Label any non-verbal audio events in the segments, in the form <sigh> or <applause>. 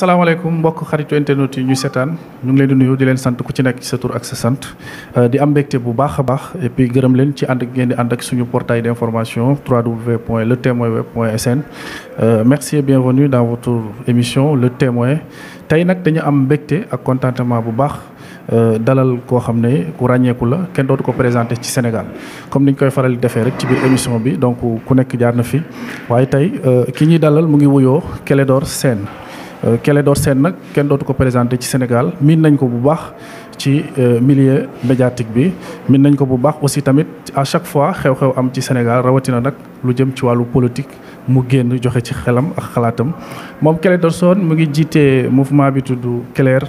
asalaamaaleykum mbokk xaritu internet yi ñu seetaan ñu ngi leen di nuyu di leen sant ku ci nekk ci sa ak sa sant euh, di am mbégte bu baax a baax et gërëm leen ci ànd ak ngeen di ànd ak suñu portail d'information www.letemoinweb.sn euh, merci et bienvenue dans votre émission Le Témoin tey nag dañu am mbégte ak contentement bu baax euh, dalal koo xam ne ku ràññeeku la kenn dootu ko présenté ci Sénégal comme niñ koy faral di defee rek ci biir émission bi donc ku nekk jaar na fi waaye tey ki ñuy dalal mu ngi wuyoo Clédor Sène Clédor euh, seen nag kenn dootu ko présenté ci Sénégal miin nañ ko bu baax ci euh, milieu médiatique bi miin nañ ko bu baax aussi tamit à chaque fois xew-xew am ci Sénégal rawatina nag lu jëm ci wàllu politique mu génn joxe ci xelam ak xalaatam moom Clédor Sène mu ngi jiitee mouvement bi tudd Clair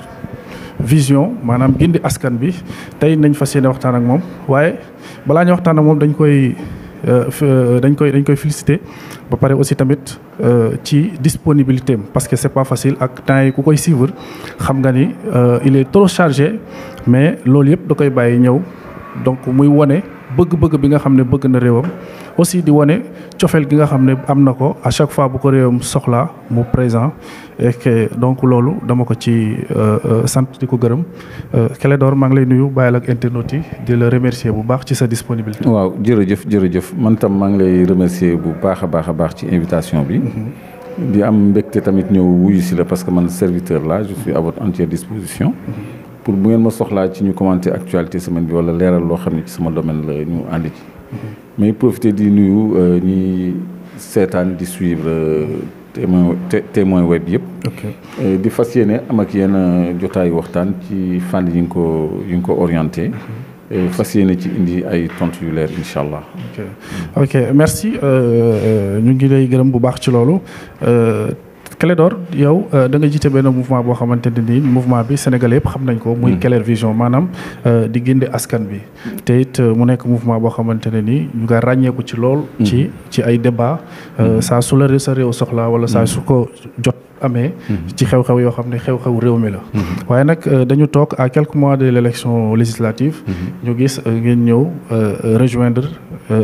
vision maanaam gindi askan bi tey nañ fas yéene waxtaan ak moom waaye balaa ñu moom dañ koy Euh, euh, dañ koy dañ koy félicité ba pare aussi tamit euh, ci disponibilité parce que c'est pas facile ak temps yi ku koy suivre xam nga ni il est trop chargé mais loolu yëpp da koy bàyyi ñëw donc muy wone bëgg-bëgg bi nga xam ne bëgg na réewam aussi di wane cofeel gi nga xam ne am na ko à chaque fois bu ko réewam soxlaa mu présent et donc loolu dama ko ci euh, euh, sant di ko gërëm Clédor euh, maa ngi lay nuyu bàyyil ak internautes yi di la remercier bu baax ci sa disponibilité. waaw jërëjëf jërëjëf man tam maa ngi lay remercier bu baax a baax a baax ci invitation bi. Mm-hmm. di am mbégte tamit ñëw wuyu si la parce que man serviteur la je suis à votre entière disposition. Mm-hmm. pour bu ngeen ma soxlaa ci ñu commenter actualité semaine bi wala leeral loo xam ni ci sama domaine la ñu ànd ci mais profiter di nuyu euh, ñi seetaan di suivre euh, témoin témoin web yëpp euh, di fas yéene am ak yenn jotaayu waxtaan ci fànn yi nga ko yi nga ko orienté mhm. fas yéene ci indi ay tontu yu leer incha allah. ok ok merci ñu ngi lay gërëm bu baax ci loolu. Clédor yow euh, da nga jiite benn mouvement boo xamante ne nii mouvement bi Sénégal yëpp xam nañ ko. muy hmm. Keleer Vision maanaam euh, di gindi askan bi. Hmm. te it euh, mu nekk mouvement boo xamante ne nii ñu nga ràññeeku ci lool. Hmm. ci ci ay débat sa su la sa réew soxla wala sa su ko jot. amee ci xew-xew yoo xam ne xew-xew réew mi la waaye nag dañu took à quelques mois de l'élection législative ñu gis ngeen ñëw rejoindre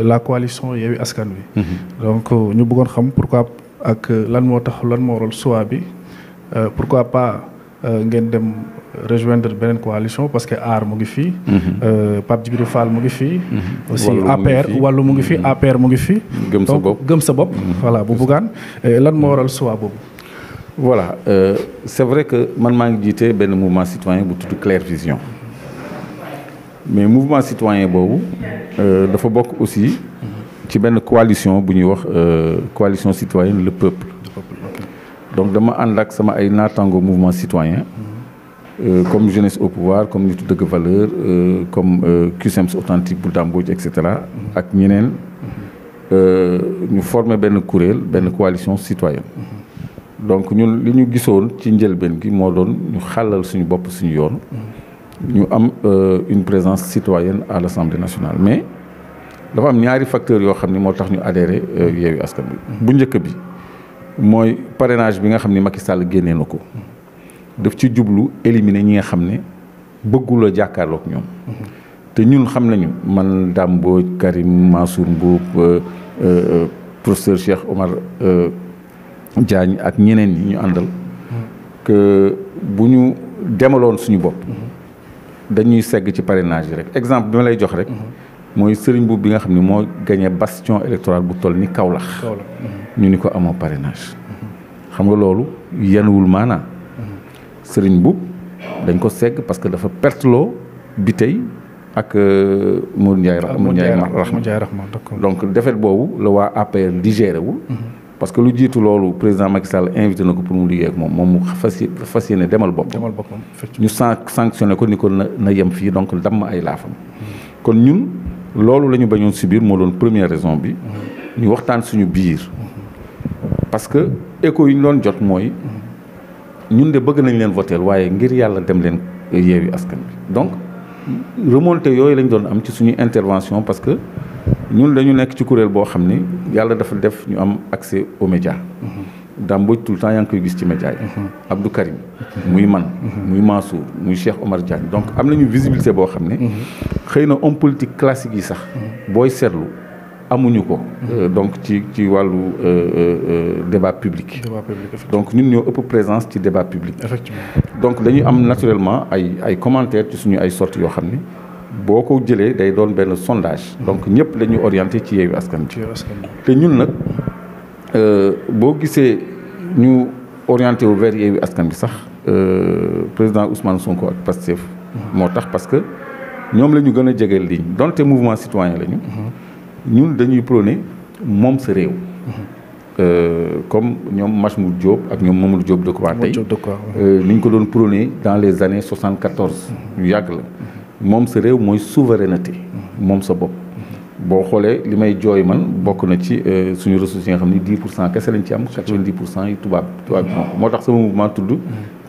la coalition Yewwi Askan Wi donc ñu bëggoon xam ak euh, lan moo tax lan moo waral choix bi euh, pourquoi pas euh, ngeen dem rejoindre beneen coalition parce que aar mu ngi fii mhm. Pape Djibril Fall mu ngi fii mhm. aussi APR wàllu mu ngi fii APR mu ngi fii mhm. gëm sa bopp gëm sa bopp voilà bu buggaan lan moo waral choix boobu voilà c'est vrai que man maa ngi jiitee benn mouvement citoyen bu tudd Claire Vision mais mouvement citoyen boobu dafa bokk aussi ci benn coalition bu ñuy wax euh, coalition citoyenne le peuple. Le peuple okay. donc dama ànd ak sama ay naatango mouvement citoyen Euh, comme jeunesse au pouvoir comme nitu dëgg valeur euh, comme euh, CUSEMS e authentique bu dàmbooj et cetera ak ñeneen euh, ñu former benn kuréel benn coalition citoyenne donc ñu li ñu gisoon ci njëlbeen gi moo doon ñu xàllal suñu bopp suñu yoon ñu am euh, une présence citoyenne à l'Assemblée nationale mais dafa am ñaari facteur yoo xam ni moo tax ñu adhéré euh, Yewwi Askan Wi bu njëkk bi mooy parenage bi nga xam ni Macky Sall génnee na ko daf ci jublu éliminer ñi nga xam ne bëggula jàkkaarloog ñoom te ñun xam nañu man Dame Mbodj Karim Mansour Mboup euh, euh, professeur Cheikh Omar Diagne ak ñeneen ñi ñu àndal bu ñu demaloon suñu bopp dañuy segg ci parrainage yi rek exemple bi ma lay jox rek mooy sëriñ bu bi nga xam ne moo gagné bastion électoral bu toll ni Kaolack ñu ni ko amoo parrainage xam nga loolu yanuwul maanaa sëriñ bu dañ ko segg parce que dafa perteloo bi tey ak euh, Modou rax ma Ndiaye Rahma donc defet boobu la waa APR digéré wul mhm. parce que lu jiitu loolu président Macky Sall invité na ko pour mu liggéey ak moom moom mu fas fas yéene demal boppam ñu san sanctionné ko ni ko na yem fii donc damm ay laafam mhm. kon ñun loolu la ñu bañoon si biir moo doon première raison bi mm-hmm. ñu waxtaan suñu biir parce que écho yi ñu doon jot mooy ñun de bëgg nañ leen voter waaye ngir yàlla dem leen yeewi askan bi donc remonté yooyu lañ doon am ci suñu intervention parce que ñun dañu nekk ci kuréel boo xam ni yàlla dafa def ñu am accès aux Damboj tout le temps yaa ngi koy gis ci média yi. Mhm. Mhm. muy man mhm. muy Mansour muy Cheikh Omar Diagne donc am nañu visibilité boo xam ne. xëy na homme politique classique yi sax. booy seetlu amuñu ko. Euh, donc ci ci wàllu euh, euh, débat public. débat public donc ñun ñoo ëpp présence ci débat public. effectivement donc dañuy am naturellement ay ay commentaires ci suñu ay sorties yoo xam ne. boo ko jëlee day doon benn sondage. donc ñëpp la ñuy orienté ci Yewwi Askan Wi. te ñun nag. Euh, boo gisee ñu orienté wu vers Yewwi Askan bi sax euh, président Ousmane Sonko ak Pastef moo tax parce que ñoom la ñu gën a jege ligne donte mouvement citoyen la ñu ñun dañuy prôné moom sa réew euh, comme ñoom mu Diop ak ñoom Mamadou Diop Decroix tey ni ñu ko doon prôné dans les années 74 yu yàgg la moom sa réew mooy souveraineté moom sa bopp boo xoolee li may jooy man bokk na ci euh, suñu ressources yi xam ni 10 pour cent kese lañ ci am 90 pour cent yi ah. moo tax sama mouvement tudd mm.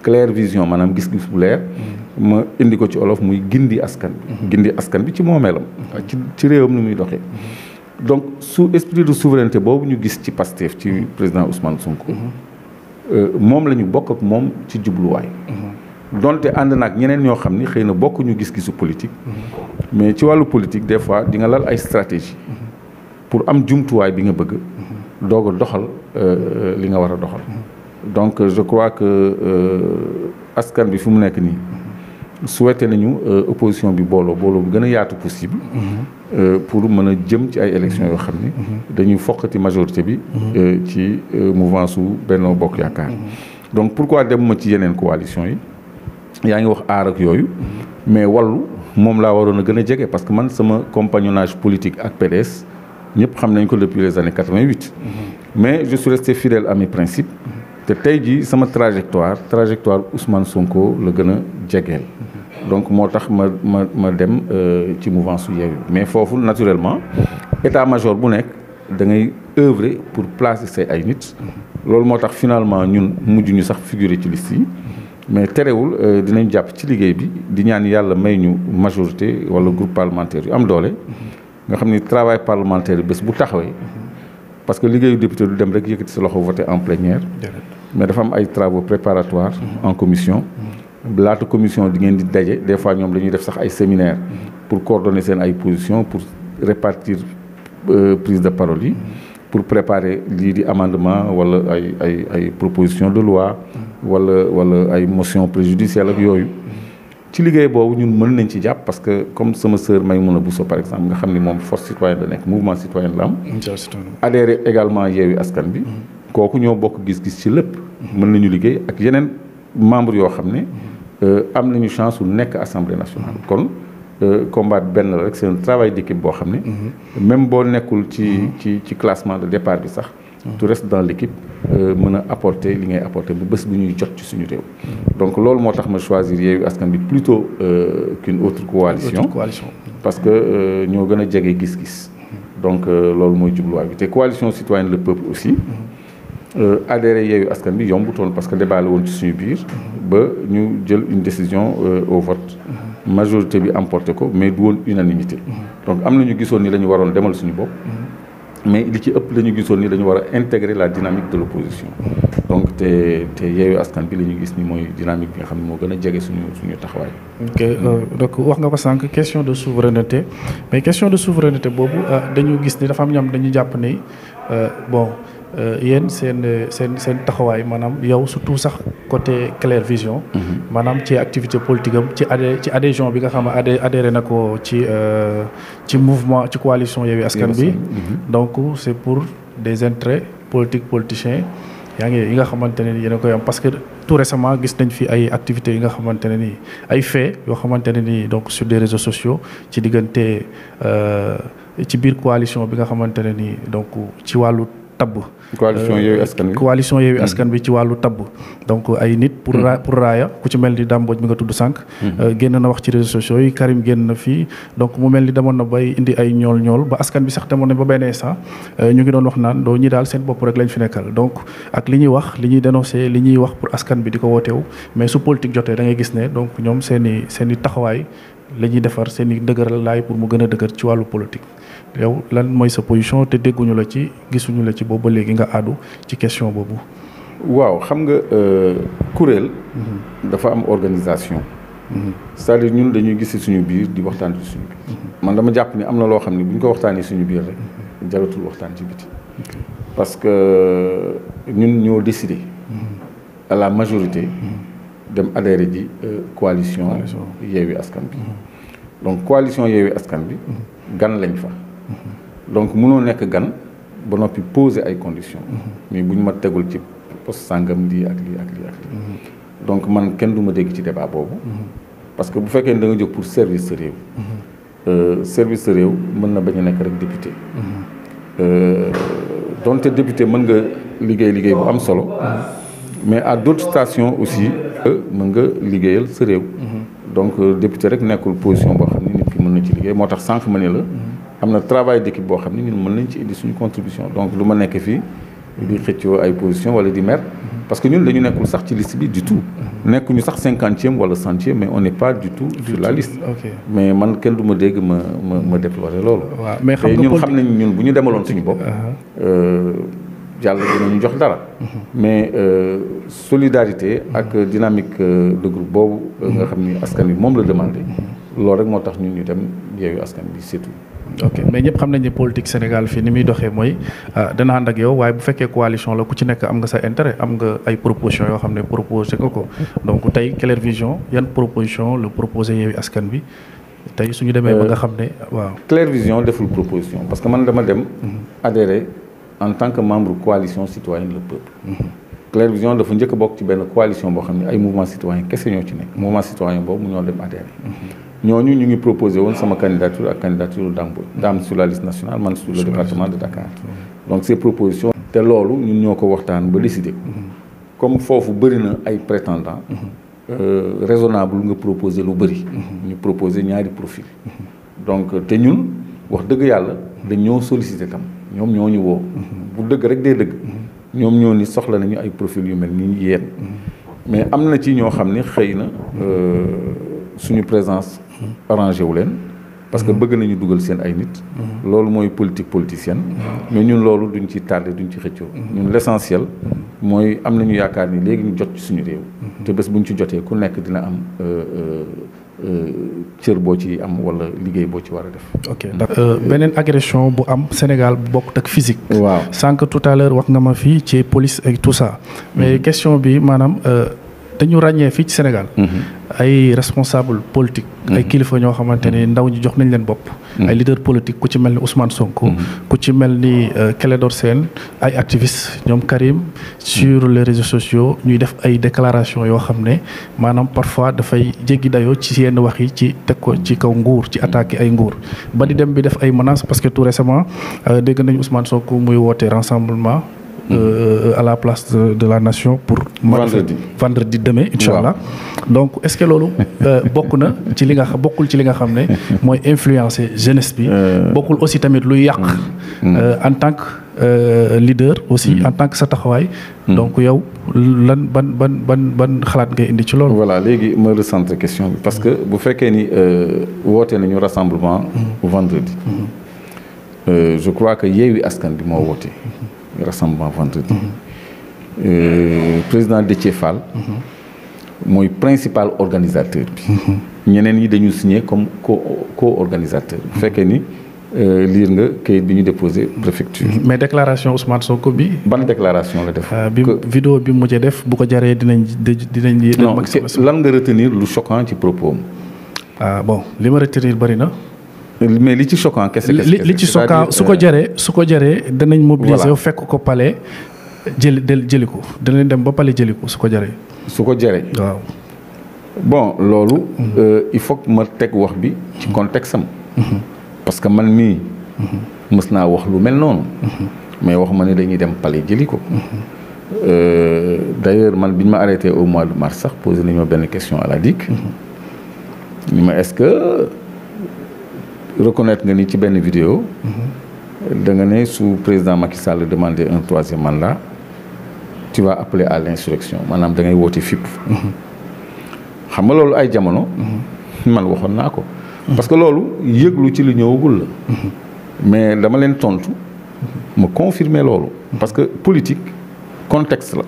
claire vision maanaam gis-gis bu leer mm. ma indi ko ci olof muy gindi askan bi mm-hmm. gindi askan bi ci moomeelam mm-hmm. ci ci réewam ni muy doxee mm-hmm. donc sous esprit de souveraineté boobu ñu gis ci Pastef ci président Ousmane Sonko euh, moom lañu bokk ak moom ci jubluwaay donte ànd naag ñeneen ñoo xam ni xëy na bokk ñu gis-gisu politique mais ci wàllu politique des fois di nga lal ay stratégie pour am jumtuwaay bi nga bëgg doog a doxal euh, li nga war a doxal donc euh, je crois que euh, askan bi fi mu nekk nii su souhaité nañu opposition bi booloo booloo bu gën a yaatu possible pour mën a jëm ci ay élections yoo xam ne dañuy foqati majorité bi ci mouvement su bennoo Bokk Yaakaar donc pourquoi demuma ci yeneen coalition yi yaa ngi wax aarak yooyu mais wallu moom laa waroon a gën a jege parce que man sama compagnonnage politique ak PDS ñëpp xam nañ ko depuis les années 88. Mm-hmm. mais je suis resté fidèle à mes mm-hmm. te tey jii sama trajectoire trajectoire Ousmane Sonko la gën a jegeel. Mm-hmm. donc moo tax ma ma ma dem euh, ci mouvance su Yewwi mais foofu naturellement état major bu nekk da ngay œuvrer pour place say ay nit. loolu moo tax finalement ñun mujj ñu sax figurer ci liste yi. mais terewul euh, dinañ jàpp ci liggéey bi di ñaan yàlla may ñu majorité wala groupe parlementaire yu am doole nga xam ni travail parlementaire bés bu taxawee parce que liggéeyu député du dem rek yëkkati sa loxo voté en plénière mais dafa am ay travaux préparatoires en commission laata commission di ngeen di daje des fois ñoom dañuy def sax ay séminaire pour coordonner seen ay position pour répartir euh, prise de parole yi pour préparer lii di amendement wala ay ay ay proposition de loi wala wala ay motion préjudicielle ak yooyu ci liggéey boobu ñun mën nañ ci jàpp parce que comme sama sœur Maïmouna Bousso par exemple nga xam ni moom force citoyenne la nekk mouvement citoyen la am adhéré également Yewwi Askan bi mm-hmm. kooku ñoo bokk gis-gis ci lépp mm-hmm. mën nañu liggéey ak yeneen membre yoo xam ne mm-hmm. euh, am nañu chance su nekk assemblée nationale kon euh, combat benn la rek seen un travail boo xam ne même boo nekkul ci ci ci classement de départ bi sax tu restes dans l'équipe euh, mën a apporter li ngay apporter bu bés bu ñuy jot ci suñu réew. donc loolu moo tax ma choisir Yewwi Askan Wi plutôt euh, qu'une autre coalition parce que euh, ñoo gën a jege gis-gis donc loolu mooy jubluwaay bi te coalition citoyenne le peuple aussi adhéré Yewwi Askan Wi yombutoon parce que débat la woon ci suñu biir ba ñu jël une décision au vote majorité bi emporté ko mais du woon unanimité donc am na ñu gisoon ni la ñu waroon demal suñu bopp mais li ci ëpp la ñu gisoon ni dañu war a intégrer la dynamique de l'opposition donc te te yeewu askan bi la ñu gis nii mooy dynamique bi nga xam ne moo gën a jege suñu suñu taxawaay. ok euh, donc wax nga ko sànq question de souveraineté mais question de souveraineté boobu euh, dañu gis ni dafa am ñoom dañu jàpp ni euh, bon. Euh, yéen seen euh, seen seen taxawaay maanaam yow surtout sax côté Clair Vision. Mhm. maanaam ci activité politique ci adhé ci adhésion bi nga xam ne adhéré na ko ci euh, ci mouvement ci coalition Yewwi Askan Wi. Mhm. donc c'est pour des intérêts politiques politiciens yaa ngi yi nga xamante ne ni yéen a koy am parce que tout récemment gis nañ fi ay activités yi nga xamante ne ni ay faits yoo xamante ne ni donc sur des réseaux sociaux ci diggante ci biir coalition bi nga xamante ne ni donc ci wàllu. tabb. coalition euh, Yewwi Askan Wi coalition Yewwi hmm. Askan Wi ci wàllu tabb. donc ay nit pour hmm. ra pour raaya ku ci mel ni Dame Mbodj mi nga tudd sànq. Hmm. Euh, génn na wax ci réseaux sociaux yi Karim génn na fii donc mu mel ni demoon na bay indi ay ñool ñool ba askan bi sax demoon na ba beneen instant euh, ñu ngi doon wax naan doo ñi daal seen bopp rek lañ fi nekkal donc ak li ñuy wax li ñuy dénoncé li ñuy wax pour askan bi di ko wooteewu mais su politique jotee da ngay gis ne donc ñoom seen i seen taxawaay la ñuy defar seen i dëgëral laay pour mu gën a dëgër ci wàllu politique yow lan mooy sa position te dégguñu la ci gisuñu la ci boobu ba léegi nga àddu ci question boobu. waaw xam nga euh, kuréel. Mhm. dafa am organisation. Mhm. cest ñun dañuy gis ci suñu biir di waxtaan ci suñu biir. Mhm. man dama jàpp ni am na loo xam ne bu ñu ko waxtaanee suñu biir rek jaratul waxtaan ci biti. parce que euh, ñun ñoo décidé. à la majorité. dem adhéré ji euh, coalition. Yeewi Askan bi. donc coalition Yeewi Askan bi. gan lañ fa. donc mënoo nekk gan ba noppi poser ay conditions. mais bu ñu ma tegul ci poste sàngam lii ak lii ak lii ak lii. donc man kenn du ma dégg ci débat boobu. parce que bu fekkee ne da nga jóg pour service sa réew. Euh, service sa réew mën na bañ a nekk rek député. Euh, donte député mën nga liggéey liggéey bu am solo. mais à d' autres stations aussi. Euh, mën nga liggéeyal sa réew. donc député rek nekkul position boo xam ne nit ki mën na ci liggéey moo tax san sànq ma ne la. am na travail d'équipe boo xam ne ñun mën nañ ci indi suñu contribution donc lu ma nekk fii di xëccoo ay position wala di mer parce que ñun dañu nekkul sax ci liste bi du tout nekkuñu sax cinquante cinquantième wala centième mais on n'est pas du tout sur la liste mais man kenn du ma dégg ma ma ma déplorer loolu te ñun xam nañ ñun bu ñu demaloon suñu bopp uh-huh. euh, yàlla dinañu jox dara uh-huh. mais euh, solidarité ak uh-huh. dynamique euh, de groupe boobu nga xam ni askan bi moom la demandé loolu rek moo tax ñun ñu dem yeewu askan bi surtout ok mais ñëpp xam nañ ne politique Sénégal fii ni muy doxee mooy ah, dana ànd ak yow waaye bu fekkee coalition la ku ci nekk am nga sa intérêt am nga ay proposition yoo xam ne proposé nga ko donc tey Claire Vision yan proposition la proposé Yewwi Askan Wi tey suñu demee ba nga euh, xam ne waaw. Claire Vision deful proposition parce que man dama dem. Mhm. adhéré en tant que membre coalition citoyenne le peuple. Mhm. Claire Vision dafa njëkk a bokk ci benn coalition boo xam ne ay mouvement citoyen kese ñoo ci nekk mouvement citoyen boobu ñoo ñooñu ñu ngi proposé woon sama candidature ak candidature Dame Mbodj Dame sur la liste nationale man sur le département de Dakar donc ces propositions te loolu ñun ñoo ko waxtaan ba décidé comme foofu bëri na ay prétendants euh, raisonnable nga proposer lu bëri ñu proposer ñaari profil donc te ñun wax dëgg yàlla dañ ñoo sollicité tam ñoom ñoo ñu woo bu dëgg rek dee dëgg ñoom ñoo ni soxla nañu ay profil yu mel ni yéen mais am na ci ñoo xam ne xëy na euh, suñu présence arrangé wu leen parce que mm-hmm. bëgg nañu dugal seen ay nit mm-hmm. loolu mooy politique politicienne mm-hmm. mais ñun loolu duñ ci tardé duñ ci xëccoo ñun l'essentiel mooy am nañu yaakaar ni léegi ñu jot suñu réew te bés ñu ci jotee ku nekk dina am euh, euh, euh, cër boo ci am wala liggéey boo ci war a def. ok d'accord beneen agression bu am Sénégal bu bokkut ak physique. waaw sànq tout à wax nga ma fii ci police et tout mais question bi maanaam. te ñu ràññee fii ci Sénégal. Mhm. ay responsable politique. Mhm. ay kilifa ñoo xamante ne mhm. ndaw ñi jox nañ leen bopp. ay leader politique ku ci mel ni Ousmane Sonko. ku ci mel ni Clédor euh, Sène ay activistes ñoom Karim sur les réseaux sociaux ñuy def ay déclarations yoo xam ne maanaam parfois dafay jéggi dayoo ci yenn wax yi ci teg ko ci kaw nguur ci attaqué ay nguur ba di dem bi def ay menaces parce que tout récemment euh, dégg nañ Ousmane Sonko muy woote rassemblement. Euh, euh, à la place de, la nation pour. vendredi vendredi demain incha allah. Wow. donc est ce que loolu euh, bokk na ci li nga xam bokkul ci li nga xam ne <laughs> mooy influencer jeunesse bi. Euh, bokkul aussi tamit luy yàq. Hmm, hmm. en tant que leader. aussi hmm. en tant que sa taxawaay. donc yow lan ban ban ban ban xalaat ngay indi ci loolu. voilà léegi ma recentre question bi parce que bu fekkee ni woote nañu rassemblement vendredi. je crois que Yewwi Askan bi moo woote. rassemblement vendredi. Mhm. Euh, président Déthié Fall. Mhm. mooy principal organisateur bi. Mhm. ñeneen ñi dañu signé comme co co-organisateur. bu fekkee ni euh, liir nga kayit bi ñu déposé préfecture. mais déclaration Ousmane Sonko bi. ban déclaration la def. Euh, bi vidéo bi mu mujjee def bu ko jaree dinañ dinañ. dinañ non lan nga retenir lu choquant ci propos am. ah bon li ma retenir mais li ci choquant kese kese li ci choquant su ko euh, jaree su ko jëree danañ mobiliser fekk ko palais jëli jëli ko danañ dem ba pale jëli ko su ko jaree su ko jaree bon loolu. Mhm. Euh, il faut ma teg wax bi ci mhm. contexte am. Mhm. parce que man mii. mës naa wax lu mel noonu. mais wax ma ne dañuy dem pale jëli ko. Euh, d'ailleurs man biñ ma arrêté au mois de mars sax posé nañoo benn question à la ma est-ce que. reconnaître nga ni ci benn vidéo da nga ne su président Macky Sall demandé un troisième mandat tu vas appeler à l'insurrection maanaam da ngay woote fipp xam nga loolu ay jamono man waxoon naa ko parce que loolu yëglu ci lu ñëwagul la mais dama leen tontu ma confirmer loolu parce que politique contexte la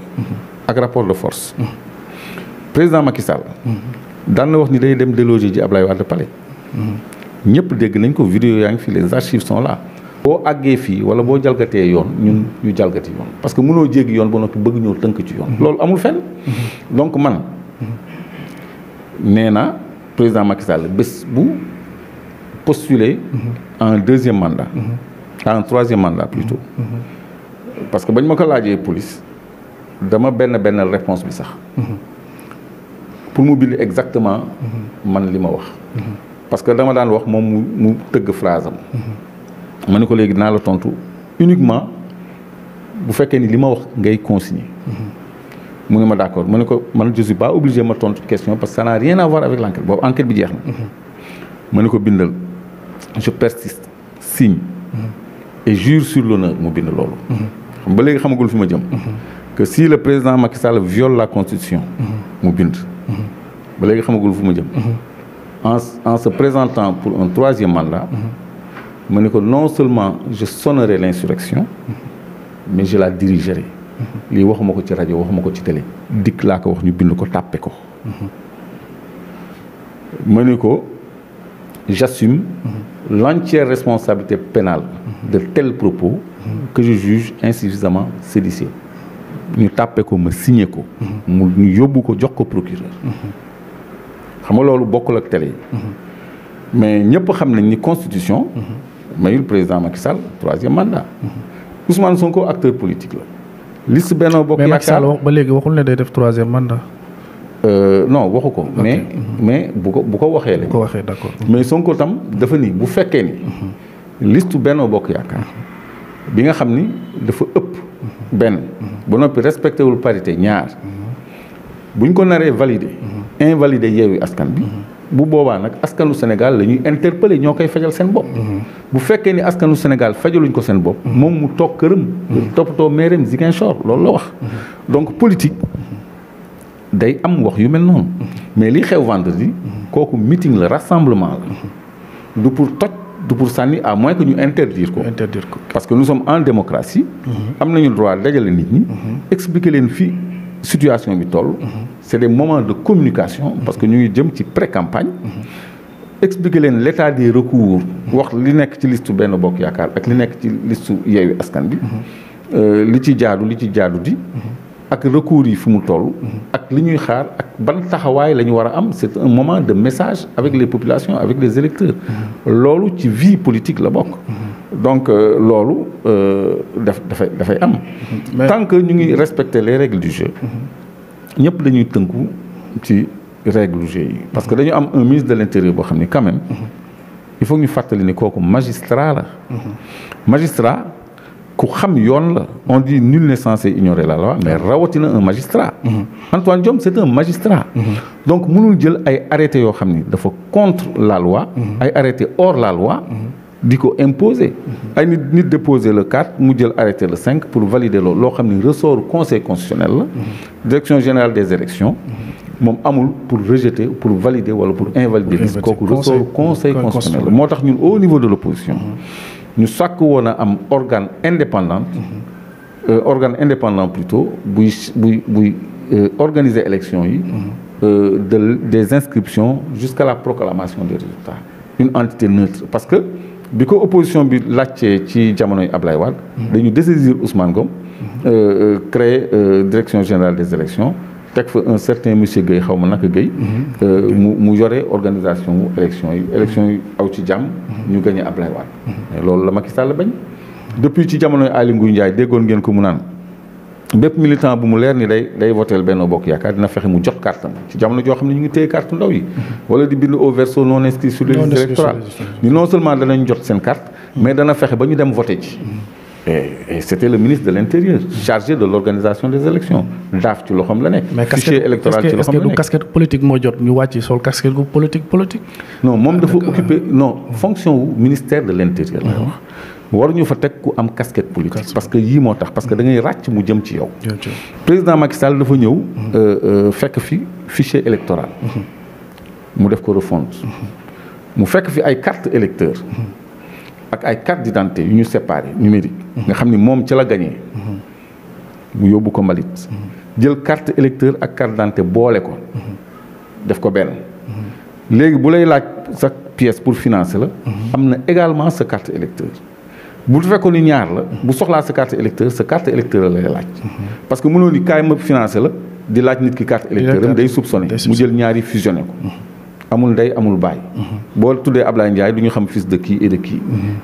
ak rapport de force président Macky Sall daan na wax ni day dem déloger ji Ablaye Wade palais ñëpp dégg nañ ko vidéo yaa ngi fi les archives sont là boo àggee fii wala boo jalgatee yoon ñun ñu jalgati yoon parce que mënoo jéggi yoon ba noppi bëgg ñoo tënk ci yoon mm-hmm. loolu amul fen mm-hmm. donc man nee na président Macky Sall bés bu postuler mm-hmm. en deuxième mandat en troisième mandat plutôt parce que bañ ma ko laajee police dama benn benn réponse bi sax pour mu billi exactement man li ma wax parce que dama daan wax moom mu mu tëgg phrase am. ma ne ko léegi naa la tontu uniquement bu fekkee ni li ma wax ngay consigner. mu ne ma d' accord ma ne ko man je suis pas obligé ma tontu question parce que ça n'a rien à voir avec l' enquête na. ma ne ko bindal je persiste signe. et jure sur l'honneur mu bind loolu. ba léegi xamagul fi ma jëm. que si le président Macky Sall la constitution. mu bind. ba léegi xamagul fu ma jëm. en en se présentant pour un troisième mandat. ma ne ko non seulement je sonnerai l'insurrection mais je la dirigerai. lii waxuma ko ci rajo waxuma ko ci télé. dikk laa ko wax ñu bind ko tàppe ko. ma ne ko j'assume l'entière responsabilité pénale de tels propos que je juge insuffisamment séditieux ñu tàppe ko ma signé ko mu ñu yóbbu ko jox ko procureur xam loolu bokkul ak télé yi. Mm-hmm. mais ñëpp xam nañ ni constitution. Mm-hmm. mayul président Macky Sall troisième mandat. Mm-hmm. Ousmane Sonko acteur politique la. liste Benno Bokk Yaakaar mais ba léegi waxul ne day def troisième mandat. Euh, non waxu ko. mais mais bu ko bu ko waxee la. ko waxee d'accord mais Sonko tam dafa ni bu fekkee ni. list Benno Bokk Yaakaar. bi nga xam ni dafa ëpp. benn ba noppi respecté wul parité ñaar. buñ ko naree validé. invalider yeewi askan bi bu boobaa nag askanu Sénégal la ñuy interpeller ñoo koy fajal seen bopp mm-hmm. bu fekkee ni askanu Sénégal fajaluñ ko seen bopp mm-hmm. moom mu toog këram mm-hmm. toppatoo meereem Ziguinchor loolu la wax donc politique day am wax yu mel noonu mais li xew vendredi kooku meeting la rassemblement la du pour toj du pour sànni à moins que ñu interdire ko interdire ko parce que nous sommes en démocratie am nañu droit dajale nit ñi expliquer leen fii situation bi toll c' est moment de communication parce que ñu ngi jëm ci pré campagne expliquer leen l' état des recours wax li nekk ci listu benn bokk yaakaar ak li nekk ci listu yeewi askan bi euh, li ci jaadu li ci jaadu di ak recours yi fi mu toll ak li ñuy xaar ak ban taxawaay la ñu war a am c' est moment de message avec les populations avec les électeurs loolu ci vie politique la bokk donc euh, loolu euh, daf dafay dafay am tant que ñu ngi respecter les règles du jeu ñëpp dañuy tënku ci règle jeu yi parce que dañu am un ministre de l'intérieur boo xam ni quand même il faut ñu fàttali ni kooku magistrat la magistrat ku xam yoon la on di nul n'est censé ignorer la loi mais rawatina un magistrat Antoine Diome c'est un magistrat donc mënul jël ay arrêté yoo xam ni dafa contre la loi ay arrêté hors la loi di ko imposer. Mhm. ay nit nit déposer le 4 mu jël arrêté le 5 pour valider loolu loo xam ni ressort conseil constitutionnel la. Mhm. direction générale des élections mhm. moom amul pour rejeter pour valider wala pour invalider. liste kooku ressort conseil constitutionnel la moo tax ñu au niveau de l' opposition. ñu sàkk woon a am organe indépendant. Euh, organe indépendant plutôt buy buy buy euh, organiser élection yi. Euh, de des inscriptions jusqu'à la proclamation des résultats une entité neutre bi ko opposition bi laajtee ci jamonoy Ablaye Wade. Mhm. dañu désaisir Ousmane Ngom. Mhm. Euh, euh, créer euh, direction générale des élections teg fa un certain monsieur Guèye xaw ma naka Guèye. Mhm. mu mu yore organisation wu élection yi élection yi aw ci jàmm. ñu gagné Ablaye Wade. loolu la Macky Sall bañ. depuis ci jamonoy Aly Ngouille Ndiaye déggoon ngeen ko mu naan. bépp militant bu mu leer ni day day voteel Benno Bokk Yaakaar dina fexe mu jot kartam ci jamono joo xam ne ñu ngi téye carte ndaw yi. wala di bind au verso inscrit sur les listes électorales non seulement danañ jot seen carte. Mm. mais dana fexe ba ñu dem voté ci. Mm. et c'était le ministre de l'intérieur mm. chargé de l'organisation des élections daaf ci loxoom la nekk. fichier électoral ci loxoom la nekk mais casquette moo jot ñu wàcc sol casquette gu politique politique. non moom ah, dafa occupé non ministère de l'intérieur lay waruñu fa teg ku am casquette politique parce que yii moo tax parce que da ngay ràcc mu jëm ci yow. président Macky Sall dafa ñëw. Mmh. Euh, euh, fekk fi fichier électoral. Mmh. mu def ko refonte. Mmh. mu fekk fi ay carte électeur ak ay carte yu ñu séparé numérique. nga xam ni moom ci la gagné. mu yóbbu ko mbalit. jël carte électeur ak carte d'identité boole ko. def ko benn. léegi bu lay laaj sa pièce pour financer la. am na également sa carte électeur bu fekkoon ni ñaar la bu soxlaa sa carte électeur sa carte électeur lay laaj parce que mënoon ni kaay ma financé la di laaj nit ki carte électeur am day soupçonné mu jël ñaari fusionné ko amul ndey amul baay. boo tuddee ab Ablaye Ndiaye du ñu xam fils de kii et de kii.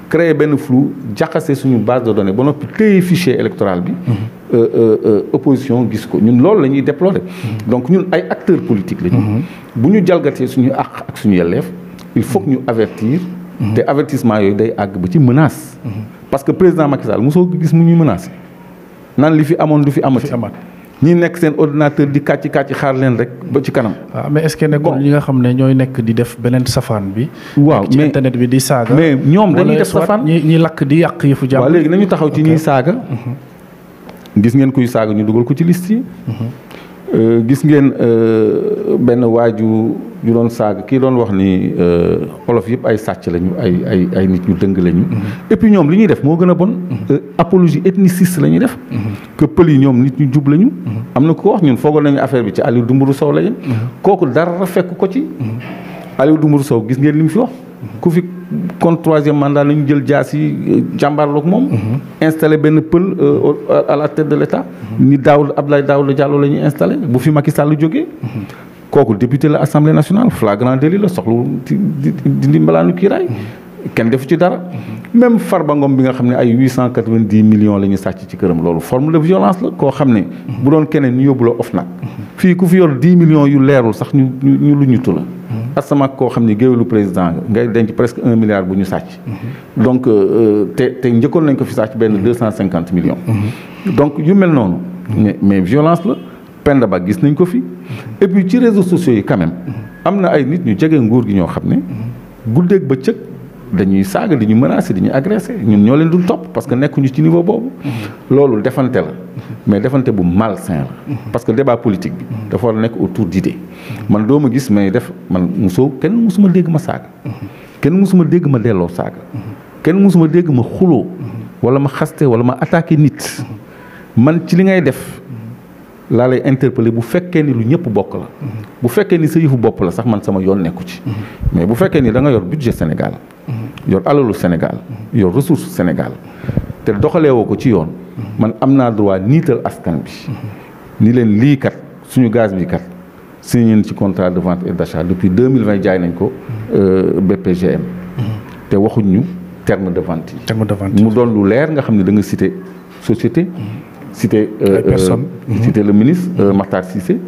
créer benn flou jaxase suñu base de données ba noppi téye fichier électoral bi. Mhm. Euh, euh, euh, opposition gis ko ñun loolu la ñuy déplorer. Mhm. donc ñun ay acteurs politiques lañu. Mhm. bu ñu jalgatee suñu àq ak suñu yelleef il faut ñu avertir. te avertissement yooyu day àgg ba ci menace. parce que président Macky Sall mosoo gis mu ñuy menacé nan li fi amoon lu fi amati. ñi nekk seen ordinateur di kàcci kàcci xaar leen rek ba ci kanam. waaw mais est-ce nekkul ñi nga xam ne ñooy nekk di def beneen safaan bi. waaw mais ci internet di saaga. mais ñoom dañuy def safaan ñi ñi lakk di yàq yëfu jàmm. waaw léegi nañu taxaw ci ñuy saaga. Mhm. gis ngeen kuy saaga ñu dugal ko ci liste yi. Mhm. Euh, gis ngeen euh, benn waaju ju doon saaga kii doon wax ni euh, olof yëpp ay sàcc lañu ay ay ay nit ñu dëng lañu. Mm-hmm. et ñoom li ñuy def moo gën a bon. Mm-hmm. apologie ethniciste la ñuy def. Mm-hmm. que yi ñoom nit ñu jub lañu. am na ko wax ñun foogoon nañu affaire bi ci Aliou dumburu Sow la kooku dara fekk ko ci. Aliou Dembourou Sow gis ngeen lim mu fi wax. contre troisième mandat la ñu jël jaas yi euh, jàmbaarloog moom. Mm-hmm. installé benn pël euh, à la tête de l' état. Mm-hmm. ni daaw Abdoulaye Daouda Diallo la ñuy installé bu fi Macky Sall jóge mm-hmm. kooku député la assemblée nationale flagrant délit la soxlu di di di ndimbalaanu kiiraay kenn defu ci dara même Farba Ngom bi nga xam ne ay huit cent quatre vingt dix millions la ñu sàcc ci këram loolu forme de violence la koo xam ne bu doon keneen ñu yóbbu la of nag fii ku fi yor dix yu leerul sax ñu ñu lu ñutu la asama koo xam ne géwélu président ngay denc presque un milliard bu ñu sàcc donc euh, te te njëkkoon nañ ko fi sàcc benn deux cent cinquante millions donc yu mel noonu mais mais violence la Penda Ba gis nañ ko fi et ci réseau sociaux yi quand même am na ay nit ñu jege nguur gi ñoo xam ne guddeeg dañuy saaga di ñu menacer di ñu agressé ñun ñoo leen dul topp parce que ñu ci niveau boobu. Mhm. loolu defante la mhm. mais defante bu malsain la. Mhm. parce que débat politique bi. dafa war a nekk autour d'idée. man doo ma gis may def man musoo kenn musuma dégg ma saaga. kenn musuma dégg ma delloo saaga. kenn musuma dégg ma xuloo. wala ma xaste wala ma attaqué nit. man ci li ngay def. laa lay interpellé bu fekkee ni lu ñëpp bokk la bu fekkee ni sa yëfu bopp la sax man sama yoon nekku ci mais bu fekkee ni da nga yor budget Sénégal yor alalu Sénégal yor ressource Sénégal te doxalee woo ko ci yoon man am naa droit niital askan bi ni leen lii kat suñu gaz bi kat signé nañ ci contrat de vente et d'achat depuis 2020 jaay nañ ko euh, BPGM te waxuñ ñu terme de vente yi terme de vente mu doon lu leer nga xam ne da nga cité société cité euh, euh, cité le ministre euh, Makhtar Cissé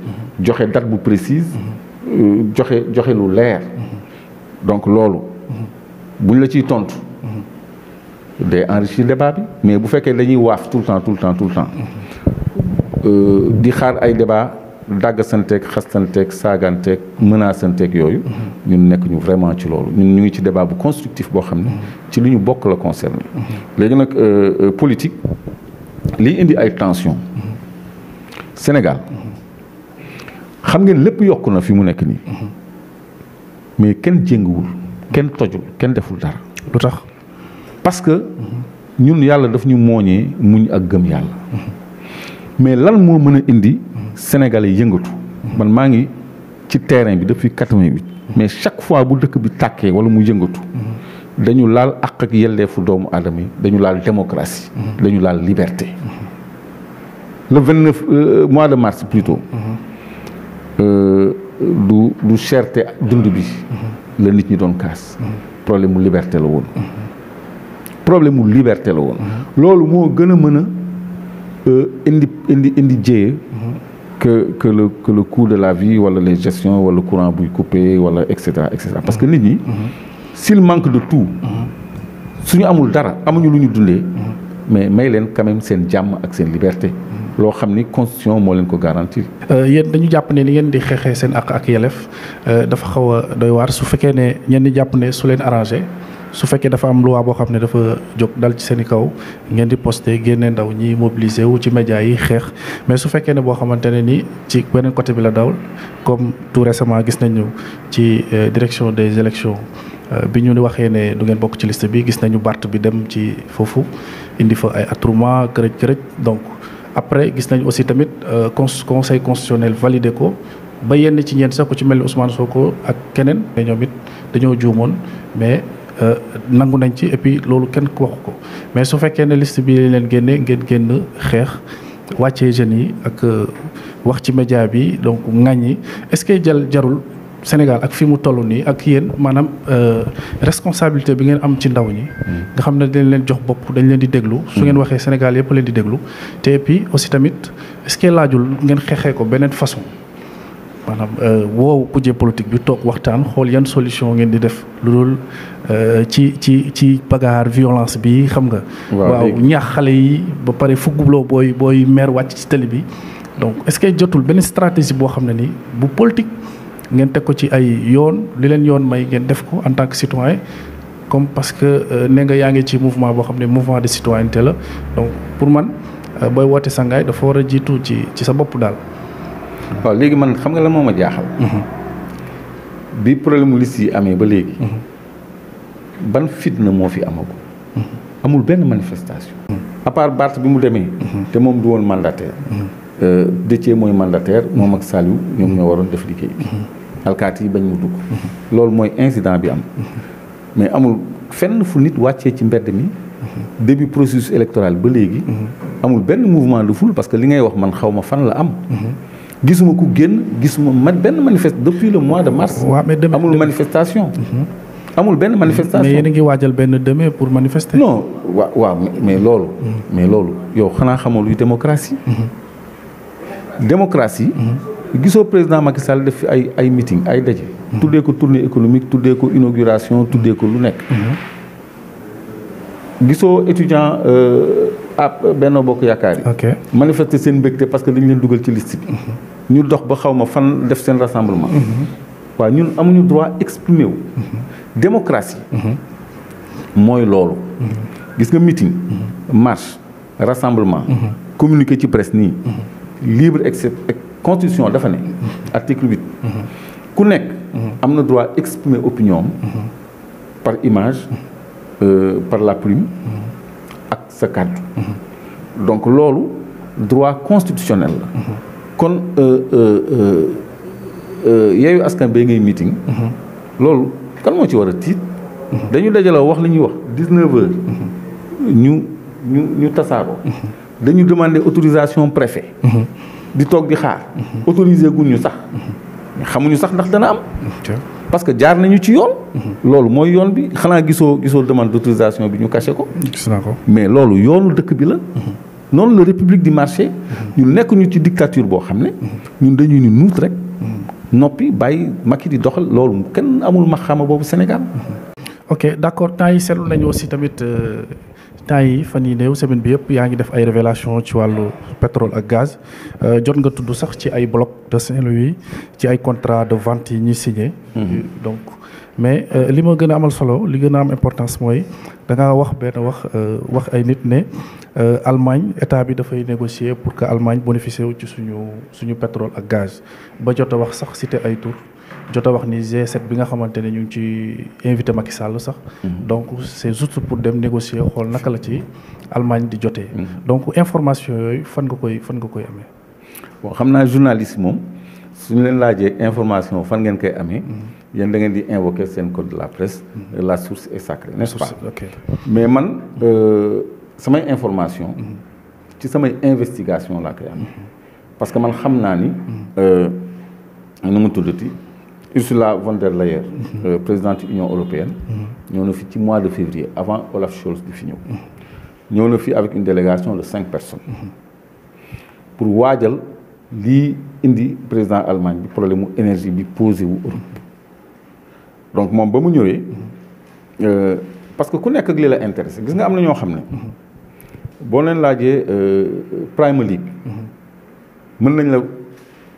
joxe date bu précise joxe joxe lu leer donc loolu buñ la ciy tontu day enrichir débat bi mais bu fekkee dañuy waaf tout le temps tout le temps tout le di xaar ay débat dàggasanteeg xastanteeg saaganteeg menaçanteeg yooyu ñun nekk ñu vraiment ci loolu ñun ñu ngi ci débat bu constructif boo xam ne ci li ñu bokk la concerné léegi nag politique lii indi ay tension Sénégal xam ngeen lépp yokk na fi mu nekk nii mais kenn jénguwul kenn toju kenn deful dara. lu tax parce que ñun yàlla daf ñu mooñee muñ ak gëm yàlla mais lan moo mën a indi Sénégalais yëngatu man maa ngi ci terrain bi depuis quatre-vingt-huit mais chaque fois bu dëkk bi tàkkee wala mu yëngatu. dañu laal àq ak yelleefu doomu aadama yi dañu laal démocratie. Mhm. dañu laal liberté. Mhm. le vingt neuf euh, euh, mois de mars plutôt. Mhm. Euh, du du cherté dund bi. la nit ñi doon kaas. problème mu liberté la woon. problème mu liberté la woon. loolu moo gën a mën a indi indi indi jéye. que que le que le de la vie wala les gestions wala courant buy coupé wala et cetera et cetera parce que nit ñi. s'il manque de tout suñu amul dara amuñu lu ñu dundee mais may leen quand seen jàmm ak seen liberté loo xam ni constitution moo leen ko garantir. Euh, yéen dañu jàpp ne ni ngeen di xeexee seen ak ak yelef euh, dafa xaw a doy waar su fekkee ne di jàpp ne su leen arrangé su fekkee dafa am loi boo xam ne dafa jóg dal ci seen i kaw ngeen di posté génne ndaw ñi mobiliser wu ci média yi xeex mais su fekkee ne boo xamante ne ni ci beneen côté bi la daw comme tout récemment gis nañu ci euh, direction des élections euh, bi ñu waxee ne du ngeen bokk ci liste gis nañu Bart bi dem ci foofu indi fa ay attroupements kërëj kërëj donc après gis nañu aussi tamit euh, conseil constitutionnel validé ko ba yenn ci ñeent sax ku ci mel ni soo ko ak keneen. ñoom it dañoo juumoon mais. Euh, nangu nañ ci et loolu kenn waxu ko mais su fekkee ne list bi leen génne ngeen génn xeex wàccee jeunes yi ak euh, wax ci média bi donc ŋàññi est-ce que jël jarul Sénégal ak fi mu toll nii ak yéen maanaam euh, responsabilité bi ngeen am ci ndaw ñi. Mm. nga xam ne dañ leen jox bopp dañ leen di déglu. su ngeen mm. waxee Sénégal yëpp leen di déglu te et aussi tamit est-ce que laajul ngeen xeexee ko beneen façon. maanaam euh, woow kuje politique bi toog waxtaan xool yan solution ngeen di def lu dul euh, ci ci ci bagarre violence bi xam nga. waaw ñaax xale yi ba pare fuggloo booy booy meer wàcc ci télé bi. donc est-ce que jotul benn stratégie boo xam ne nii bu politique ngeen teg ko ci ay yoon li leen yoon may ngeen def ko en tant que citoyen comme parce que euh, ne nga yaa ngi ci mouvement boo xam ne mouvement de citoyenneté la donc pour man booy woote sangaay dafa war a jiitu ci ci sa bopp daal. waaw léegi man xam nga la moo ma jaaxal. Mhm. bi problème mu yi amee ba léegi. Mhm. ban na moo fi amagul. Mhm. amul benn manifestation. à part Barth bi mu demee. te moom du woon mandataire. Euh, Déthié mooy mandataire moom ak Saliou ñoom ñoo waroon def liggéey bi. alkaati yi bañ mu dugg. loolu mooy incident bi am. mais amul fenn fu nit wàccee ci mbedd mi. début processus électoral ba léegi. amul benn mouvement de parce que li ngay wax man xaw ma fan la am. gisuma ku génn gisuma man benn manifeste depuis le mois de mars. waaw mais demain amul manifestation. Mhm. amul benn manifestation mais yéen a ngi waajal benn demain pour manifester. non waaw waaw mais loolu. Mhm. mais loolu yow xanaa xamoo luy démocratie. Mhm. démocratie. gisoo président Macky Sall def fi ay ay meeting ay daje. tuddee ko tournée économique tuddee ko inauguration tuddee ko lu nekk. gisoo étudiant. Euh, ab ah, Benno Bokk Yaakaar yi. ok manifester seen mbégte parce que dañ leen dugal ci liste bi. Mhm. ñu dox ba xaw ma fan def seen rassemblement. Mhm. waa ñun amuñu droit exprimer wu. Mhm. démocratie. mooy loolu. gis nga meeting. marche rassemblement. communiqué ci presse nii. libre ex constitution dafa ne. article huit. ku nekk. am na droit exprimer opinion par image euh, par la plume. sa kàddu donc loolu droit constitutionnel la kon euh, euh, euh, yeeyu askan bee ngay meeting loolu kan moo ci war a tiit dañu dajale wax lañuy wax dix-neuf heures ñu ñu ñu tasaaroo dañu demander autorisation préfet di toog di xaar autoriser guñ ñu sax xamuñu sax ndax dana am parce que jaar nañu ci yoon. Mhm. loolu mooy yoon bi xanaa gisoo gisoo demande d'autorisation bi ñu caché ko. gis ko mais loolu yoonu dëkk bi la. Mhm. noonu la république di marché. Mhm. ñu nekk ñu ci dictature boo xam ne. ñun dañuy ni nuut rek. noppi bàyyi Macky di doxal loolu kenn amul maxaama boobu Sénégal. ok d'accord temps yi seetlu nañu aussi tamit. Euh, temps yi fan yi néew semaine bi yëpp yaa ngi def ay révélation ci wàllu pétrole ak gaz euh, jot nga tudd sax ci ay bloc de Saint-Louis ci ay contrat de vente yi ñuy signé mhm. donc mais euh, li ma gën a amal solo li gën a am importance mooy da ngaa wax benn wax euh, wax ay nit ne Allemagne état bi dafay négocier pour que Allemagne bénéficier wu ci suñu suñu pétrole ak gaz ba jot a wax sax cité ay tur jot a wax ni G7 bi nga xamante ne ñu ngi ci invité Macky Sall sax. Mhm. donc c' est juste pour dem négocier xool naka la ci Allemagne di jotee. Mhm. donc information yooyu fan nga koy fan nga koy amee. xam naa journaliste moom suñu leen laajee information fan ngeen koy amee. Mhm. yéen da ngeen di invoquer seen code de la presse. la source est sacrée n'est-ce pas. mais man euh, samay information. ci samay investigation laa koy amee. parce que man xam naa ni. Euh, nu mu tuddati. Ursula von der Leyen euh, présidente Union européenne ñoo na fi ci mois de février avant Olaf Scholz bi fi ñëw ñëw na fi avec une délégation de cinq personnes pour waajal lii indi président Allemagne bi problème mu énergie bi posé wu Europe donc moom ba mu ñëwee euh, parce que ku nekk ak lii la intéressé gis nga am na ñoo xam ne boo leen laajee euh, Premier League mën nañ la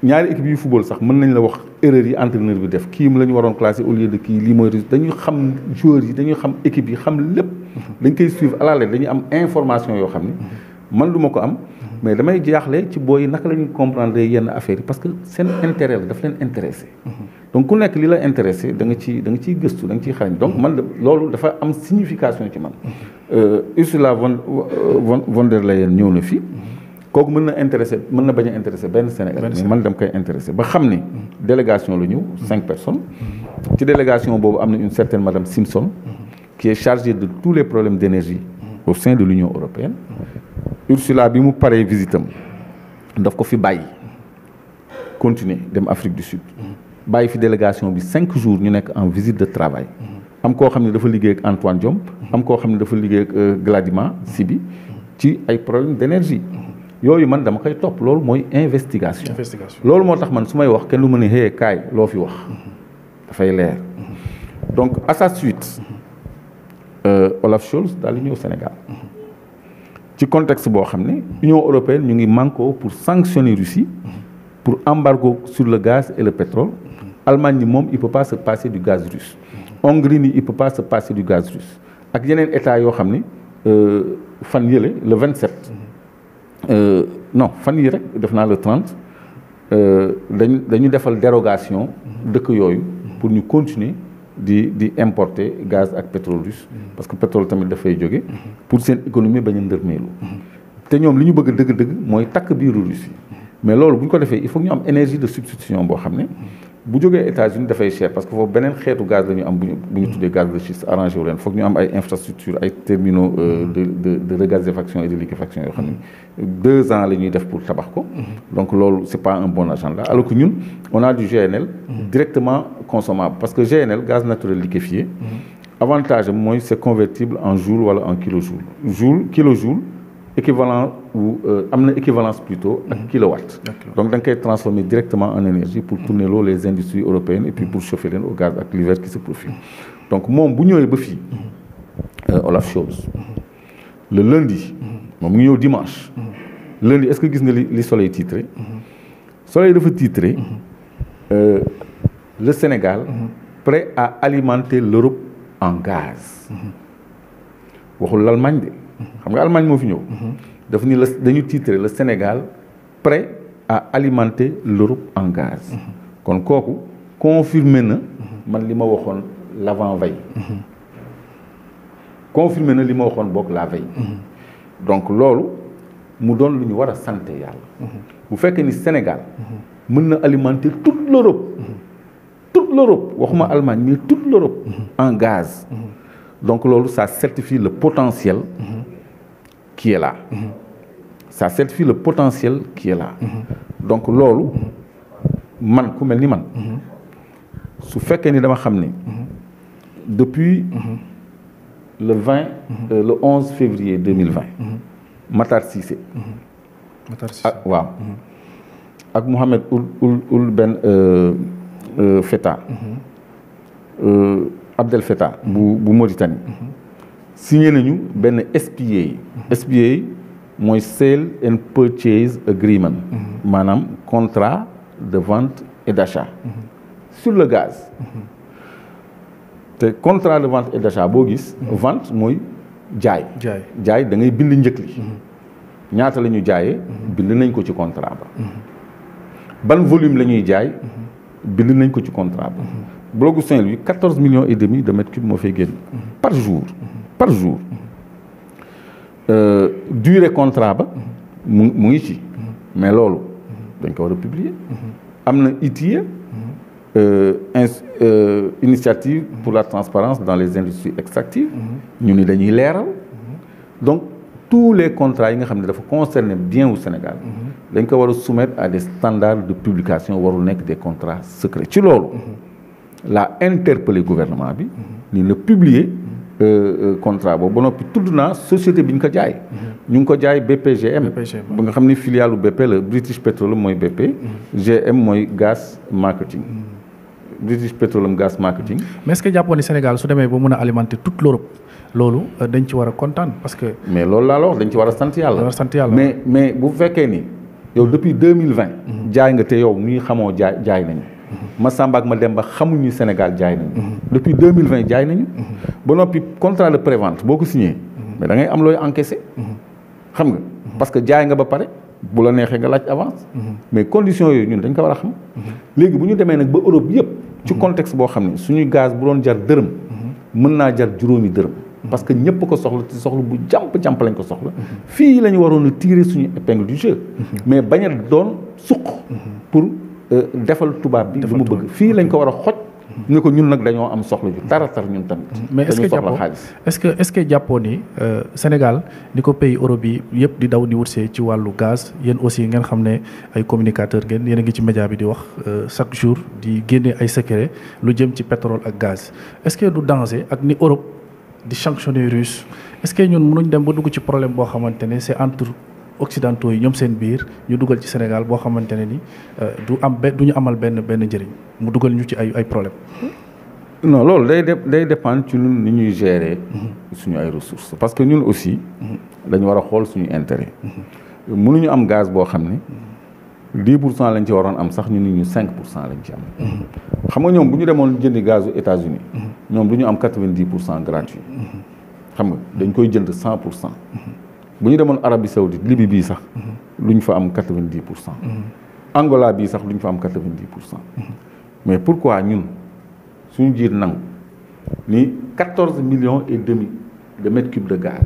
ñaari équipe yu football sax mën nañ la wax erreur yi entraîneur bi def kii la ñu waroon classé au lieu de kii lii mooy résultat dañuy xam joueurs yi dañuy xam équipe yi xam lépp dañ koy suivre à la am information yoo xam ne man lu ma ko am mais damay jaaxle ci booy naka la ñuy comprendre yenn affaires yi parce que seen intérêt la daf leen intéressé donc ku nekk lii la intéressé danga nga ci ciy gëstu danga nga ciy xarañ donc man loolu dafa am signification ci man euh, Ursula von von der Leyen ñëw na fii kooku mën na intéressé mën na bañ a intéressé benn Sénégal mais man dama koy intéressé ba xam ni délégation lu ñëw cinq personnes ci délégation boobu am na une certaine madame Simpson qui est chargée de tous les problèmes d'énergie au sein de l'Union européenne Ursula bi mu paree visitam daf ko fi bàyyi continuer dem Afrique du Sud bàyyi fi délégation bi cinq jours ñu nekk en visite de travail am koo xam ne dafa liggéey ak Antoine Diome am koo xam ne dafa liggéey ak euh, Gladima Sibi ci ay problèmes d'énergie yooyu man dama koy topp loolu mooy investigation. loolu moo tax man su may wax kenn lu ma ne xëyee kaay loo fi wax. dafay leer donc à sa suite euh, Olaf Scholz daal di ñëw Sénégal ci contexte boo xam ne Union européenne ñu ngi manko pour sanctionner Russie pour embargo sur le gaz et le pétrole Allemagne ni moom il peut pas se passer du gaz russe Hongrie ni il peut pas se passer du gaz russe ak yeneen état yoo xam ne euh, fan yële le 27. Euh, non fan yii rek def naa le 30 euh, dañu dañu defal dérogation dëkk yooyu pour ñu continuer di di importer gaz ak pétrole russe parce que pétrole tamit dafay jóge pour seen économie bañ a ndërmeelu te ñoom li ñu bëgg dëgg-dëgg mooy takk biiru Russie mais loolu bu ñu ko defee il faut ñu am énergie de substitution boo xam ne bu jógee États-Unis dafay cher parce que foofu beneen xeetu gaz la am bu ñu ñu tuddee gaz de schiste arrangé wu foog ñu am ay infrastructure ay terminaux euh, mm-hmm. de de de regazéfaction et de liquéfaction yoo xam ne deux ans la ñuy def pour tabax ko. Mm-hmm. donc loolu c' est pas un bon agenda alors que ñun on a du GNL. Mm-hmm. directement consommable parce que GNL gaz naturel liquéfié. avantage am mooy c' est convertible en jour wala en kilo kilojoule joule kilojoule. équivalent ou euh, am na équivalence plutôt ak mhm. kilowatt donc da nga koy transformer directement en énergie pour tourner loolu les industries européennes et puis mhm. pour chauffer leen au gaz ak l'hiver qui se profile donc moom bu ñëwee ba fii mhm. euh, Olaf Scholz le lundi moom ngi ñëw dimanche lundi est-ce que gis nga li li soleil titré soleil dafa titré euh, le Sénégal prêt à alimenter l'Europe en gaz waxul l'Allemagne de xam nga Allemagne moo fi ñëw. Mhm. dafa ni la dañu titré le Sénégal prêt à alimenter l'Europe en gaz. Mhm. kon kooku confirmé na. Mhm. man li ma waxoon l'avant-veille. confirmé na li ma waxoon boog la veille. donc loolu mu doon lu ñu war a sante yàlla. bu fekkee ni Sénégal. mën na alimenter toute l'Europe. toute l'Europe waxuma Allemagne mais toute l'Europe. en gaz. donc loolu sa certifie le potentiel. qui la là. ça certifie le potentiel qui est donc loolu man ku mel ni man. su fekkee ni dama xam ni. depuis le vingt euh, le onze février deux mille vingt. Matar Cissé. Matar ak ah, waaw. ak Mohamed Ould Ould Ould Ben euh, euh, Feta. Mhm. Abdel bu bu signé nañu benn SPA. SPA mooy Sale and Purchase Agreement. Mhm. maanaam contrat de vente et d'achat. Mhm. sur le gaz. Mhm. te contrat de vente et d'achat boo gis. vente mooy jaay. jaay jaay da ngay bind njëkk li. ñaata la ñu jaayee. bind nañ ko ci contrat ba. ban volume la ñuy jaay. bind nañ ko ci contrat ba. blocu Saint-Louis 14 millions et demi de mètres cubes moo fay génn. par jour. par jour euh, durée contrat ba mu mu ngi ci mais loolu dañ ko war a publier am na ITIE euh, euh, initiative pour la transparence dans les industries extractives ñu ni dañuy leeral donc tous les contrats yi nga xam ne dafa concerner bien wu Sénégal dañ ko war a soumettre à des standards de publication warul nekk des contrats secrets ci loolu la interpeller gouvernement bi ni na publier Euh, euh, contrat boobu ba noppi tudd naa société bi ñu ko jaay. Mhm. ñu ngi ko jaay BPGM. ba nga xam ne filiale BP la British Petroleum mooy BP. GM mhm. mooy gas marketing. Mhm. British Petroleum gas marketing. mais est-ce que jàppoo ni Sénégal su demee boo mën a alimenter toute l'Europe loolu euh, dañ ci war a kontaan parce que. mais loolu laa la dañ ci war a sant yàlla. war mais mais bu fekkee ni yow depuis deux mille vingt. jaay nga te yow mii xamoo jaay jaay nañ ma Samba ak ma Demba xamuñu Sénégal jaay nañu. depuis deux mille vingt jaay nañu. ba noppi contrat de prévente boo ko signé. mais da ngay am looy encaissé. xam nga parce que jaay nga ba pare bu la neexee nga laaj avance. mais condition yooyu ñun dañ ko war a xam. léegi bu ñu demee nag ba Europe yëpp. ci contexte boo xam ne suñuy gaz bu doon jar dërëm. mën naa jar juróomi dërëm. parce que ñëpp ko soxla ci soxla bu jàmp jàmp lañ ko soxla. fii la waroon a suñu épingle du Euh, defal tubaab bi lu mu bëgg fii lañ ko war a xoj ñu ko ñun nag dañoo am soxla ju taratar ñun tamit mm-hmm. mais est-ce que jàppoo est-ce que est-ce que jàppoo ni euh, Sénégal ni ko pays Europe yi yëpp di daw di wutsee ci wàllu gaz yéen aussi ngeen xam ne ay communicateur ngeen yéen a ngi ci média bi di wax euh, chaque jour di génne ay secret lu jëm ci pétrole ak gaz est-ce que du danger ak ni Europe di sanctionner russe est-ce que ñun mënuñ dem ba dugg ci problème boo xamante ne c'est entre occidentaux yi ñoom seen biir ñu dugal ci Sénégal boo xamante ne ni euh, du am benn du ñu amal benn benn njëriñ mu dugal ñu ci ay ay problème non loolu day day dépendre ci lu ni ñuy gérer mm-hmm. suñu ay ressources parce que ñun aussi mm-hmm. dañu war a xool suñu intérêt mm-hmm. mënuñu am gaz boo xam ni dix pour cent lañ ci waroon am sax ñu ni ñu cinq pour cent lañ ci am xam nga ñoom bu ñu demoon jëndi gaz États-Unis ñoom du ñu am quatre-vingt-dix pour cent gratuit xam nga dañ koy jënd cent pour cent bu ñu demoon Arabie Saoudite Libye bii sax lu ñu fa am quatre-vingt-dix pour cent Angola bii sax lu ñu fa am quatre-vingt-dix pour cent mais pour pourquoi ñun suñu jiir nangu ni million millions et demi de mètres cubes de gaz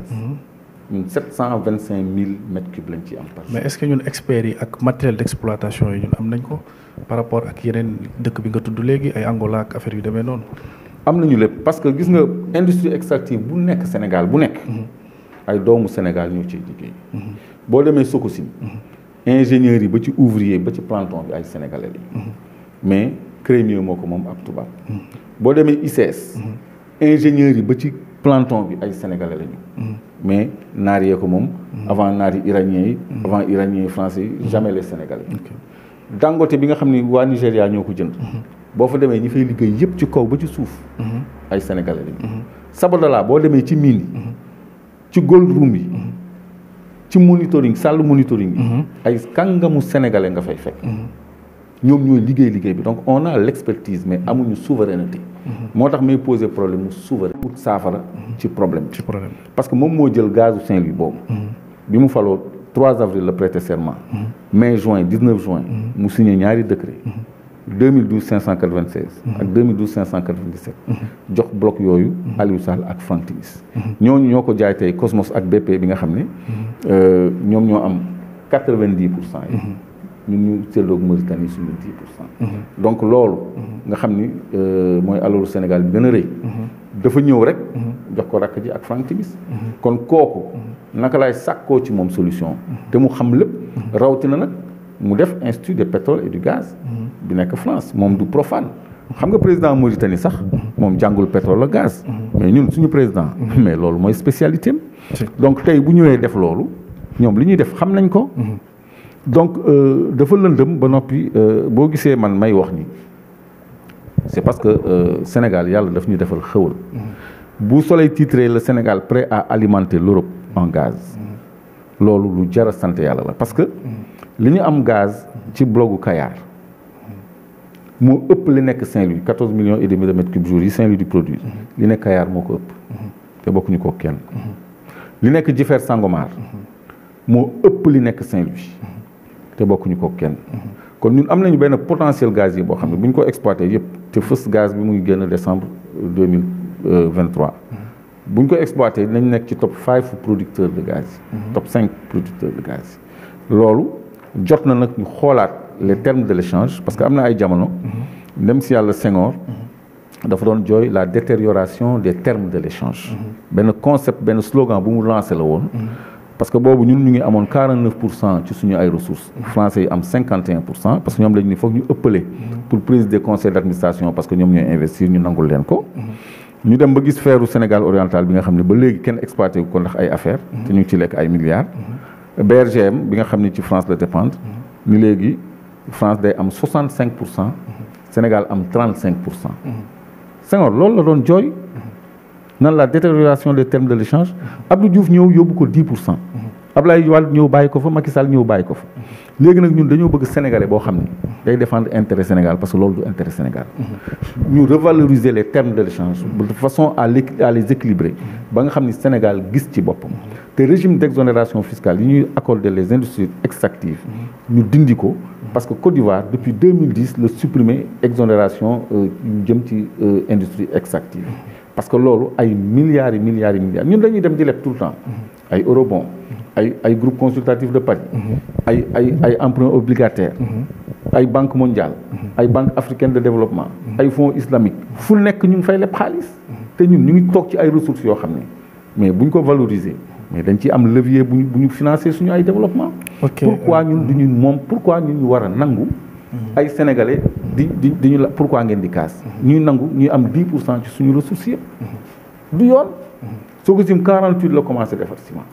ñun sept cent vingt cinq mille mètres lañ ci am par mais est-ce que ñun experts yi ak matériel d'exploitation yi ñun am nañ ko par rapport ak yeneen dëkk bi nga tudd léegi ay Angola ak affaire yu demee noonu am nañu lépp parce que gis nga industrie extractive bu nekk Sénégal bu nekk ay doomu Sénégal ñoo ciy liggéey. Mhm. boo demee Sococim. Mhm. ingénieurs yi ba ci ouvrier ba ci planton bi ay sénégalais mhm. mais crémier moo ko moom ab tubaab. boo demee ICS. ingénieurs yi ba ci planton bi ay sénégalais lañu. mais naar yee ko moom. avant naari iranien yi. avant iranien yi français yi jamais les Dangote bi nga xam ni waa Nigéria ñoo ko jënd. boo fa demee ñi fay liggéey yëpp ci kaw ba ci suuf. ay sénégalais lañu. Sabodala boo demee ci mine yi. ci gold room bi ci monitoring salle monitoring bi mhm. ay kàngamu sénégalais nga fay fekk mhm. ñoom ñooy liggéey liggéey bi donc on a l'expertise mais amuñu souveraineté mhm. moo tax may poser problème mu souverain pour saafara ci problème ci problème parce que moom moo jël gazu Saint-Louis boobu bi mu faloo 3 avril la prêter serment mais juin 19 juin mu signé ñaari décret 2012 596. Mhm. ak 2012 597. Mhm. jox bloc yooyu. Mhm. Aliou Sall ak Frank Timis. ñooñu ñoo ko jaay tey Cosmos ak BP bi nga xam ne. Euh, ñoom ñoo am 90 pour cent yi. ñun ñu seetloog Mauritanie suñu 10 pour cent. donc loolu. nga xam ni euh, mooy alalu Sénégal bi gën a rëy. dafa ñëw rek. jox ko rakk ji ak Frank Timis. kon kooku. naka lay sàkkoo ci moom solution. te mu xam lépp. rawatina nag mu def institut de pétrole et du gaz. bi nekk France moom du profane xam nga président Mauritanie sax moom jàngul pétrole ak gaz mais ñun suñu président mm-hmm. mais loolu mooy spécialité am donc tey bu ñëwee def loolu ñoom li ñuy def xam nañ ko mm-hmm. donc euh, dafa lëndëm ba noppi euh, boo gisee man may wax ni c'est parce que euh, Sénégal yàlla daf ñu defal xëwal mm-hmm. bu soleil titré le Sénégal prêt à alimenter l'Europe en gaz loolu lu jara sant yàlla la parce que li ñu am gaz ci blogu Kayar moo ëpp li nekk Saint-Louis 14 millions et de mètres cubes jour yi Saint-Louis di produire mhm. li nekk Kayar moo ko ëpp mhm. te bokkuñu ko kenn mhm. li nekk Jifeer Sangomar moo ëpp li nekk Saint-Louis te bokkuñu ko kenn kon ñun am nañu benn potentiel gaz yi boo xam ne bu ñu ko exploité yëpp te fës gaz bi mu ngi génn décembre 2023 euh, bu ñu ko exploité dinañ nekk ci top five producteurs de gaz top cinq producteurs de yi loolu jot na nag ñu xoolaat les termes de l'échange parce que am na ay jamono dem si yàlla Senghor dafa doon jooy la détérioration des termes de l'échange benn concept benn slogan bu mu lancé la woon parce que boobu ñun ñu ngi amoon 49 pour cent ci suñu ay ressources français yi am 51 pour cent parce que ñoom lañu ni foog ñu ëppale pour prise des conseils d'administration parce que ñoom ñooy investir ñu nangul leen ko ñu dem ba gis feeru Sénégal oriental bi nga xam ne ba léegi kenn exploité ko ndax ay affaires te ñu ngi lekk ay milliards bi nga xam ne ci France la dépendre léegi France day am cinq pour cent mhm. Sénégal am 35 pour cent mhm. Senghor loolu la doon jooy mhm. nan la détérioration des termes de l'échange Abdou Diouf ñëw yóbbu ko 10 pour cent Abdoulaye Wade ñëw bàyyi ko fa Macky Sall ñëw bàyyi ko fa léegi nag ñun dañoo bëgg sénégalais boo xam ne day défendre intérêt Sénégal parce que loolu du intérêt Sénégal ñu revaloriser les termes de l'échange de façon à les équilibrer ba nga xam ni Sénégal gis ci boppam te régime d'exonération fiscale yi ñuy accorder les industries extractives ñu dindi ko parce que Côte d'Ivoire depuis 2010 la supprimer exonération ñu euh, jëm ci euh, industrie extractive parce que loolu ay milliards yi milliards yi milliards ñun lañuy dem di leb tout le temps ay eurobond ay groupe consultatif de Paris ay ay ay emprunt obligataire ay banque mondiale ay banque africaine de développement ay fonds islamique fu nekk ñu ngi fay leb xaalis te ñun ñu ngi toog ci ay ressources yoo xam ne mais buñ ko valoriser mais dañ ci am levier bu ñu bu ñu financer suñu ay développement. pourquoi ñun du ñu moom pourquoi ñun ñu war a nangu. Mhm. ay sénégalais di di di ñu la pourquoi ngeen di kaas. Mhm. ñuy nangu ñuy am 10 pour cent ci suñu ressources yëpp. Mhm. du yoon. soo ko sim 48 la commencé defar ciment.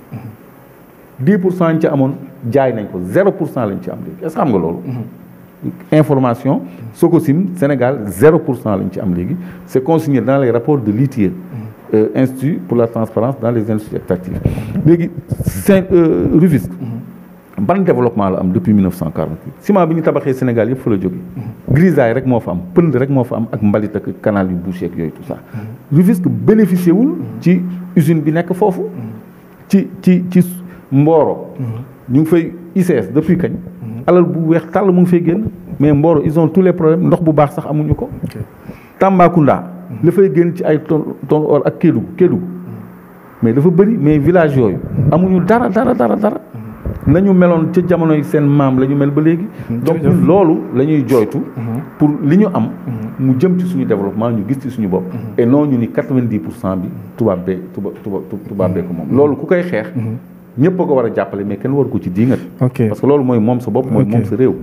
10 pour cent ñu ci amoon jaay nañ ko 0 pour sant lañ ci am léegi est-ce que xam nga loolu. information Sococim Sénégal 0 pour cent lañ ci am léegi c'est consigné dans les rapports de l'ITIE. Euh, institut pour la transparence dans les industries extractives léegi Saint euh, Rufisque mhm. ban développement la am depuis 1948 ciment bi ñu tabaxee Sénégal yëpp fa la jógee mhm. grisaille rek moo fa am pënd rek moo fa am ak mbalit ak canal yu bouché ak yooyu tout ça Rufisque bénéficié mhm. ci usine bi nekk foofu ci ci ci Mboro ñu ngi fay ICS depuis kañ alal bu weex tàll mu ngi fay génn mais Mboro ils ont tous les problèmes ndox bu baax sax amuñu ko Tambacounda la fay génn ci ay ton ton or ak Kédougou Kédougou mais dafa bëri mais village yooyu amuñu dara dara dara dara nañu meloon ca jamono yi seen maam la ñu mel ba léegi donc loolu la ñuy jooytu pour li ñu am mu jëm ci suñu développement ñu gis ci suñu bopp et ñu ni quatre-vingt-dix pour cent bi tubaab bee tuba tuba tubaab bee ko moom loolu ku koy xeex ñëpp a ko war a jàppale mais kenn waru ko ci diingat parce que loolu mooy moom sa bopp mooy moom sa réew